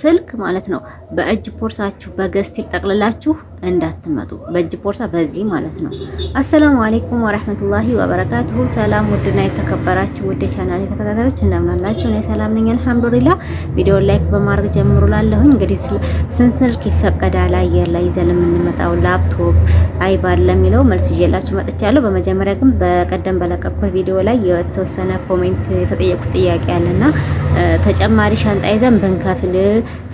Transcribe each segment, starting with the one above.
ስልክ ማለት ነው። በእጅ ቦርሳችሁ በገስቲል ጠቅልላችሁ እንዳትመጡ፣ በእጅ ቦርሳ በዚህ ማለት ነው። አሰላሙ አሌይኩም ወረህመቱላሂ ወበረካቱሁ። ሰላም ውድና የተከበራችሁ ውድ ቻናል የተከታታዮች እንደምናላችሁ፣ እኔ ሰላም ነኝ አልሐምዱሊላ። ቪዲዮ ላይክ በማድረግ ጀምሩ። ላለሁኝ እንግዲህ ስንት ስልክ ይፈቀዳል አየር ላይ ይዘን የምንመጣው ላፕቶፕ አይባል ለሚለው መልስ ይዤላችሁ መጥቻለሁ። በመጀመሪያ ግን በቀደም በለቀኩት ቪዲዮ ላይ የተወሰነ ኮሜንት የተጠየቁት ጥያቄ አለና ተጨማሪ ሻንጣ ይዘን ብንከፍል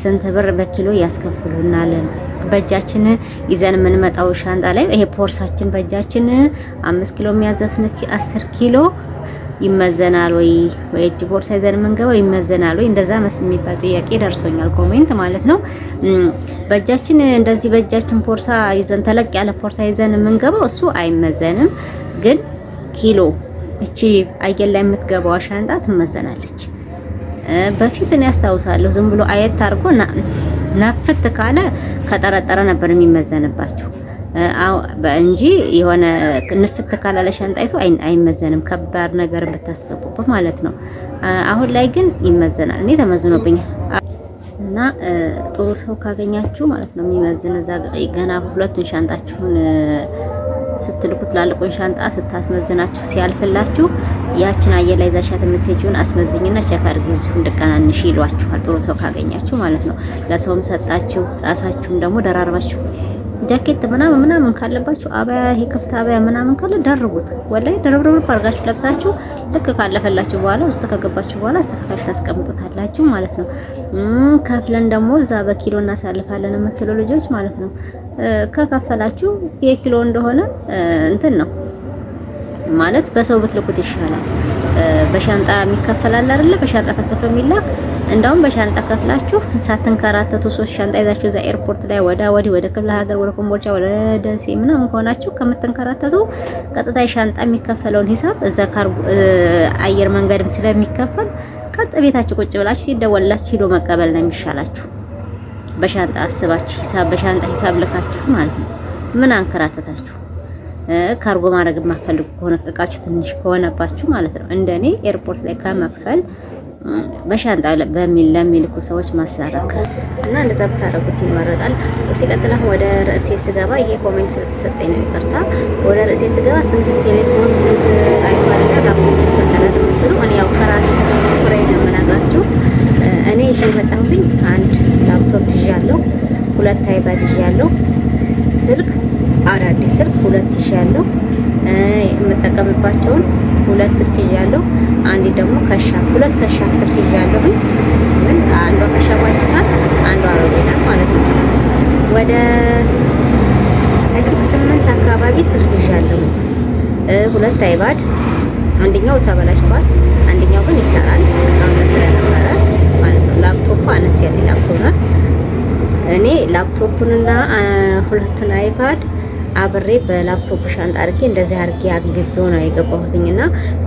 ስንት ብር በኪሎ ያስከፍሉናል? በእጃችን ይዘን የምንመጣው ሻንጣ ላይ ይሄ ፖርሳችን በእጃችን አምስት ኪሎ የሚያዘስን አስር ኪሎ ይመዘናል ወይ? ወይ እጅ ቦርሳ ይዘን የምንገባው ይመዘናል ወይ? እንደዛ መስ የሚባል ጥያቄ ደርሶኛል፣ ኮሜንት ማለት ነው። በእጃችን እንደዚህ በእጃችን ፖርሳ ይዘን ተለቅ ያለ ፖርሳ ይዘን የምንገባው እሱ አይመዘንም። ግን ኪሎ እቺ አየር ላይ የምትገባዋ ሻንጣ ትመዘናለች። በፊት እኔ ያስታውሳለሁ ዝም ብሎ አየት አድርጎ ነፍት ካለ ከጠረጠረ ነበር የሚመዘንባቸው እንጂ የሆነ ንፍት ካለ ሸንጣይቱ አይመዘንም። ከባድ ነገር ብታስገቡበት ማለት ነው። አሁን ላይ ግን ይመዘናል። እኔ ተመዝኖብኝ እና ጥሩ ሰው ካገኛችሁ ማለት ነው የሚመዝን እዛ ገና ሁለቱን ሻንጣችሁን ስትልኩ ትላልቁን ሻንጣ ስታስመዝናችሁ ሲያልፍላችሁ ያችን አየር ላይ ዛሻት የምትሄጂውን አስመዝኝና ቸክ አድርጊ እዚሁ እንደቀናንሽ ይሏችኋል። ጥሩ ሰው ካገኛችሁ ማለት ነው። ለሰውም ሰጣችሁ፣ ራሳችሁም ደግሞ ደራርባችሁ ጃኬት ምናምን ምናምን ካለባችሁ አባያ ይሄ ክፍት አባያ ምናምን ካለ ደርቡት። ወላይ ደርብርብር አድርጋችሁ ለብሳችሁ ልክ ካለፈላችሁ በኋላ ውስጥ ከገባችሁ በኋላ አስተካክላችሁ ታስቀምጡታላችሁ ማለት ነው። ከፍለን ደግሞ እዛ በኪሎ እናሳልፋለን የምትሉ ልጆች ማለት ነው። ከከፈላችሁ የኪሎ እንደሆነ እንትን ነው ማለት በሰው ብትልኩት ይሻላል። በሻንጣ የሚከፈል አለ አይደለ? በሻንጣ ተከፍሎ የሚላክ እንዳውም በሻንጣ ከፍላችሁ ሳትንከራተቱ ሶስት ሻንጣ ይዛችሁ እዛ ኤርፖርት ላይ ወዳ ወዲህ ወደ ክፍለ ሀገር ወደ ኮምቦልቻ ወደ ደሴ ምናምን ከሆናችሁ ከምትንከራተቱ ቀጥታ የሻንጣ የሚከፈለውን ሂሳብ እዛ ካርጎ አየር መንገድም ስለሚከፈል ቀጥ ቤታችሁ ቁጭ ብላችሁ ሲደወላችሁ ሂዶ መቀበል ነው የሚሻላችሁ። በሻንጣ አስባችሁ ሂሳብ በሻንጣ ሂሳብ ልካችሁት ማለት ነው። ምን አንከራተታችሁ? ካርጎ ማድረግ የማትፈልጉ ከሆነ እቃችሁ ትንሽ ከሆነባችሁ ማለት ነው እንደኔ ኤርፖርት ላይ ከመክፈል በሻንጣ በሚል ለሚልኩ ሰዎች ማሳረክ እና እንደዛ ብታደረጉት ይመረጣል። ሲቀጥል አሁን ወደ ርዕሴ ስገባ ይሄ ኮሜንት ስለተሰጠኝ ነው ይቅርታ። ወደ ርዕሴ ስገባ ስንት ቴሌፎን ስንት አይፋልና ላፕቶፕ ይፈጠራል ምስሉ እኔ ያው ከራሴ ኩሬ ነው የምናግራችሁ። እኔ ይዤ የመጣሁትኝ አንድ ላፕቶፕ ይዤ ያለው፣ ሁለት አይፓድ ይዤ ያለው ስልክ አዲስ ስልክ ሁለት ይዣለሁ። የምጠቀምባቸውን ሁለት ስልክ ይዣለሁ። አንድ ደግሞ ከሻ ሁለት ከሻ ስልክ ይዣለሁ። ምን አንዷ ከሻ አዲስ ናት፣ አንዷ አሮጌ ናት ማለት ነው። ወደ እቅድ ስምንት አካባቢ ስልክ ይዣለሁ። ሁለት አይባድ፣ አንደኛው ተበላሽቷል፣ አንደኛው ግን ይሰራል። በጣም ስለነበረ ማለት ነው። ላፕቶፕ አነስ ያለ ላፕቶፕ ናት። እኔ ላፕቶፑንና ሁለቱን አይፓድ አብሬ በላፕቶፕ ሻንጣ አድርጌ እንደዚህ አድርጌ አግቢው ነው የገባሁትኝ እና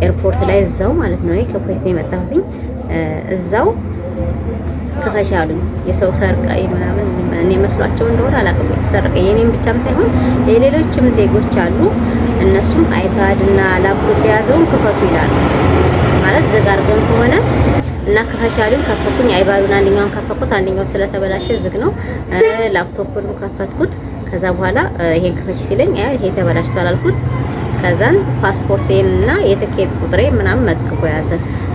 ኤርፖርት ላይ እዛው ማለት ነው ከኩዌት ነው የመጣሁትኝ እዛው ከፈሻሉኝ የሰው ሰርቃ ምናምን እኔ መስሏቸው እንደሆነ አላውቅም። የተሰረቀ የኔም ብቻም ሳይሆን የሌሎችም ዜጎች አሉ። እነሱም አይፓድ እና ላፕቶፕ የያዘውን ክፈቱ ይላሉ። ማለት ዝግ አድርገን ከሆነ እና ከፈሻሉኝ ከፈኩኝ። አይፓዱን አንደኛውን ከፈኩት፣ አንደኛው ስለተበላሸ ዝግ ነው። ላፕቶፑን ከፈትኩት። ከዛ በኋላ ይሄን ክፈች ሲለኝ ይሄ ተበላሽቷል አልኩት። ከዛን ፓስፖርቴንና የትኬት ቁጥሬ ምናምን መጽፎ ያዘ።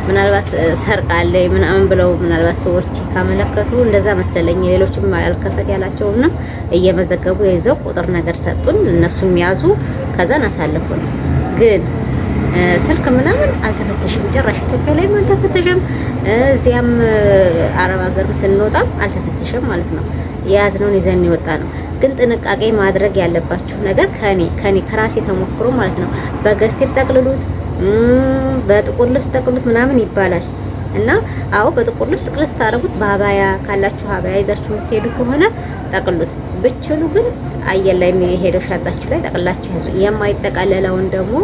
ምናልባት ሰርቃለሁ ምናምን ብለው ምናልባት ሰዎች ካመለከቱ እንደዛ መሰለኝ። ሌሎችም አልከፈት ያላቸውና እየመዘገቡ ይዘው ቁጥር ነገር ሰጡን፣ እነሱም ያዙ። ከዛን አሳልፉን። ግን ስልክ ምናምን አልተፈተሽም፣ ጭራሽ ኢትዮጵያ ላይም አልተፈተሸም። እዚያም አረብ ሀገርም ስንወጣም አልተፈተሽም ማለት ነው። የያዝነውን ይዘን ይወጣ ነው። ግን ጥንቃቄ ማድረግ ያለባችሁ ነገር ከኔ ከኔ ከራሴ ተሞክሮ ማለት ነው። በገስቴፕ ጠቅልሉት፣ በጥቁር ልብስ ጠቅልሉት ምናምን ይባላል እና አዎ በጥቁር ልብስ ጥቅል ስታረጉት በአባያ ካላችሁ አባያ ይዛችሁ የምትሄዱ ከሆነ ጠቅሉት። ብችሉ ግን አየር ላይ የሚሄደው ሻንጣችሁ ላይ ጠቅላችሁ ያዙ። የማይጠቃለለውን ደግሞ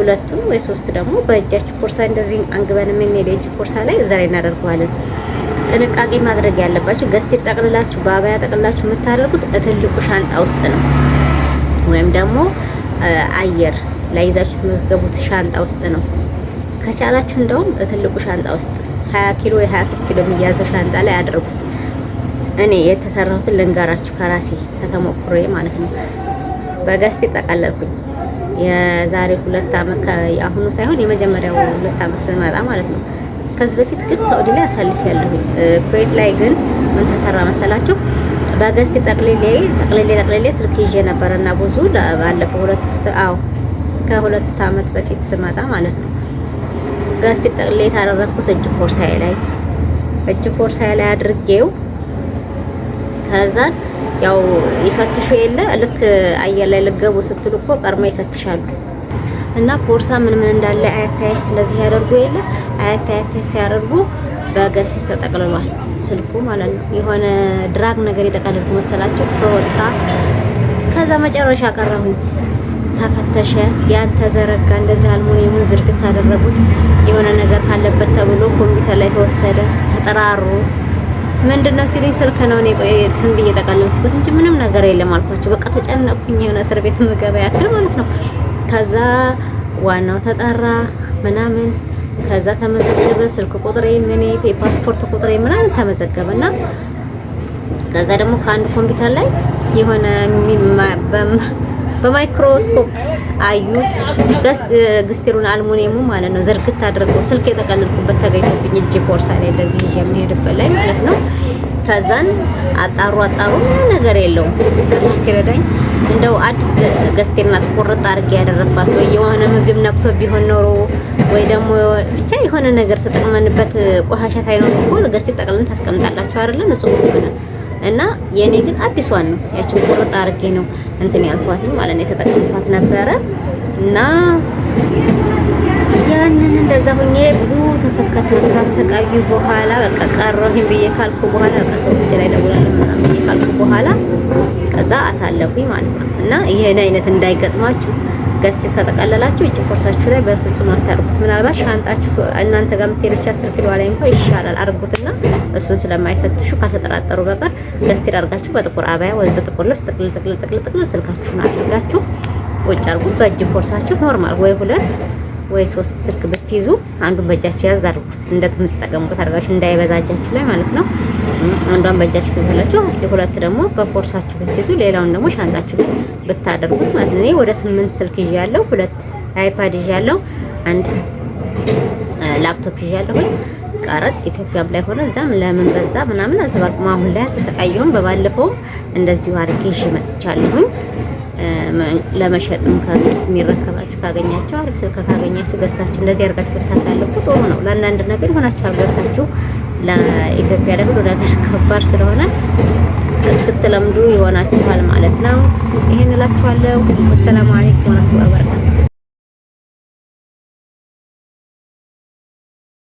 ሁለቱም ወይ ሶስት ደግሞ በእጃችሁ ቦርሳ እንደዚህ አንግበን የምንሄደው የእጅ ቦርሳ ላይ እዛ ላይ እናደርገዋለን። ጥንቃቄ ማድረግ ያለባችሁ ገስቲር ጠቅልላችሁ በአባያ ጠቅልላችሁ የምታደርጉት ትልቁ ሻንጣ ውስጥ ነው፣ ወይም ደግሞ አየር ላይ ይዛችሁ የምትገቡት ሻንጣ ውስጥ ነው። ከቻላችሁ እንደውም ትልቁ ሻንጣ ውስጥ 20 ኪሎ የ23 ኪሎ የሚያዘው ሻንጣ ላይ አድርጉት። እኔ የተሰራሁትን ልንገራችሁ ከራሴ ከተሞክሮ ማለት ነው። በገስቲር ጠቀለልኩኝ የዛሬ ሁለት አመት፣ የአሁኑ ሳይሆን የመጀመሪያው ሁለት አመት ስመጣ ማለት ነው ከዚህ በፊት ግን ሳውዲ ላይ አሳልፍ ያለሁት ኩዌት ላይ ግን ምን ተሰራ መሰላችሁ? በአገስቴ ጠቅልሌ ጠቅልሌ ጠቅልሌ ስልክ ይዤ ነበር እና ብዙ ባለፈው ሁለት አዎ ከሁለት አመት በፊት ስመጣ ማለት ነው። ጋስቴ ጠቅልሌ ታደረኩት እጅ ቦርሳዬ ላይ እጅ ቦርሳዬ ላይ አድርጌው ከዛን ያው ይፈትሹ የለ ልክ አየር ላይ ልገቡ ስትሉ እኮ ቀርማ ይፈትሻሉ። እና ቦርሳ ምን ምን እንዳለ አያት አያት እንደዚህ ያደርጉ የለ አያት አያት ሲያደርጉ በገስ ተጠቅልሏል ስልኩ ማለት ነው። የሆነ ድራግ ነገር የጠቀለልኩ መሰላቸው ወጣ። ከዛ መጨረሻ ቀረሁኝ። ተፈተሸ፣ ያን ተዘረጋ። እንደዚህ አልሙኒየሙን ዝርግት አደረጉት። የሆነ ነገር ካለበት ተብሎ ኮምፒውተር ላይ ተወሰደ። ተጠራሩ። ምንድነው ሲሉኝ ስልክ ነው። እኔ ዝም ብዬ ጠቀለልኩበት እንጂ ምንም ነገር የለም አልኳቸው። በቃ ተጨነቅኩኝ። የሆነ እስር ቤት ምገባ ያክል ማለት ነው። ከዛ ዋናው ተጠራ ምናምን ከዛ ተመዘገበ። ስልክ ቁጥሬ ምን የፓስፖርት ቁጥሬ ምናምን ተመዘገበና ከዛ ደግሞ ከአንድ ኮምፒውተር ላይ የሆነ በማይክሮስኮፕ አዩት። ግስቴሩን አልሙኒየሙ ማለት ነው ዘርግት አድርገው ስልክ የጠቀለልኩበት ተገኝቶብኝ እጅ ቦርሳ ላይ እንደዚህ የሚሄድበት ላይ ማለት ነው። ከዛን አጣሩ አጣሩ ነገር የለውም ሲረዳኝ እንደው አዲስ ገዝቴናት ቁርጥ አድርጌ ያደረግኳት ወይ የሆነ ምግብ ነክቶ ቢሆን ኖሮ ወይ ደግሞ ብቻ የሆነ ነገር ተጠቅመንበት ቆሻሻ ሳይኖር እኮ ገስቴ ጠቅለን ታስቀምጣላችሁ አይደለ? ንጹህ ሆነ እና የእኔ ግን አዲሷን ነው ያችን ቁርጥ አድርጌ ነው እንትን ያልኳትም ማለት ነው የተጠቀምኳት ነበረ እና ያንን እንደዛ ሆኜ ብዙ ተሰከተ ካሰቃዩ በኋላ በቃ ቀረሁኝ ብዬ ካልኩ በኋላ በቃ ሰው ብቻ ላይ ደውላለሁ ምናምን ብዬ ካልኩ በኋላ ከዛ አሳለፉኝ ማለት ነው። እና ይሄን አይነት እንዳይገጥማችሁ ገስት ከተጠቀለላችሁ እጅ ኮርሳችሁ ላይ በፍጹም አታርጉት። ምናልባት ሻንጣችሁ እናንተ ጋር የምትሄድ ብቻ ስልክ ኪሎ ላይ እንኳን ይሻላል አርጉትና እሱን ስለማይፈትሹ ካልተጠራጠሩ በቀር ገስት አርጋችሁ በጥቁር አባያ ወይ በጥቁር ልብስ ጥቅል ጥቅል ጥቅል ጥቅል ስልካችሁን አድርጋችሁ ቁጭ አርጉት። በእጅ ኮርሳችሁ ኖርማል ወይ ሁለት ወይ ሶስት ስልክ ብትይዙ አንዱን በእጃችሁ ያዝ አድርጉት፣ እንደምትጠቀሙት አድርጋችሁ እንዳይበዛጃችሁ ላይ ማለት ነው። አንዷን በእጃችሁ ትይዛላችሁ፣ ሁለት ደግሞ በፖርሳችሁ ብትይዙ፣ ሌላውን ደግሞ ሻንጣችሁ ብታደርጉት ማለት ነው። እኔ ወደ ስምንት ስልክ ይዣለሁ፣ ሁለት አይፓድ ይዣለሁ፣ አንድ ላፕቶፕ ይዣለሁኝ። ቀረጥ ኢትዮጵያም ላይ ሆነ እዛም ለምን በዛ ምናምን አልተባልኩም። አሁን ላይ አልተሰቃየሁም። በባለፈውም እንደዚሁ አድርጌ ይዤ መጥቻለሁኝ። ለመሸጥም የሚረከባችሁ ካገኛችሁ አሪፍ ስልክ ካገኛችሁ ገዝታችሁ እንደዚህ አድርጋችሁ ብታሳልፉ ጥሩ ነው። ለአንዳንድ ነገር የሆናችሁ አልገብታችሁ ለኢትዮጵያ ላይ ሁሉ ነገር ከባድ ስለሆነ እስክትለምዱ ይሆናችኋል ማለት ነው። ይህን እላችኋለሁ። ወሰላሙ አለይኩም ወረህመቱላሂ ወበረካቱ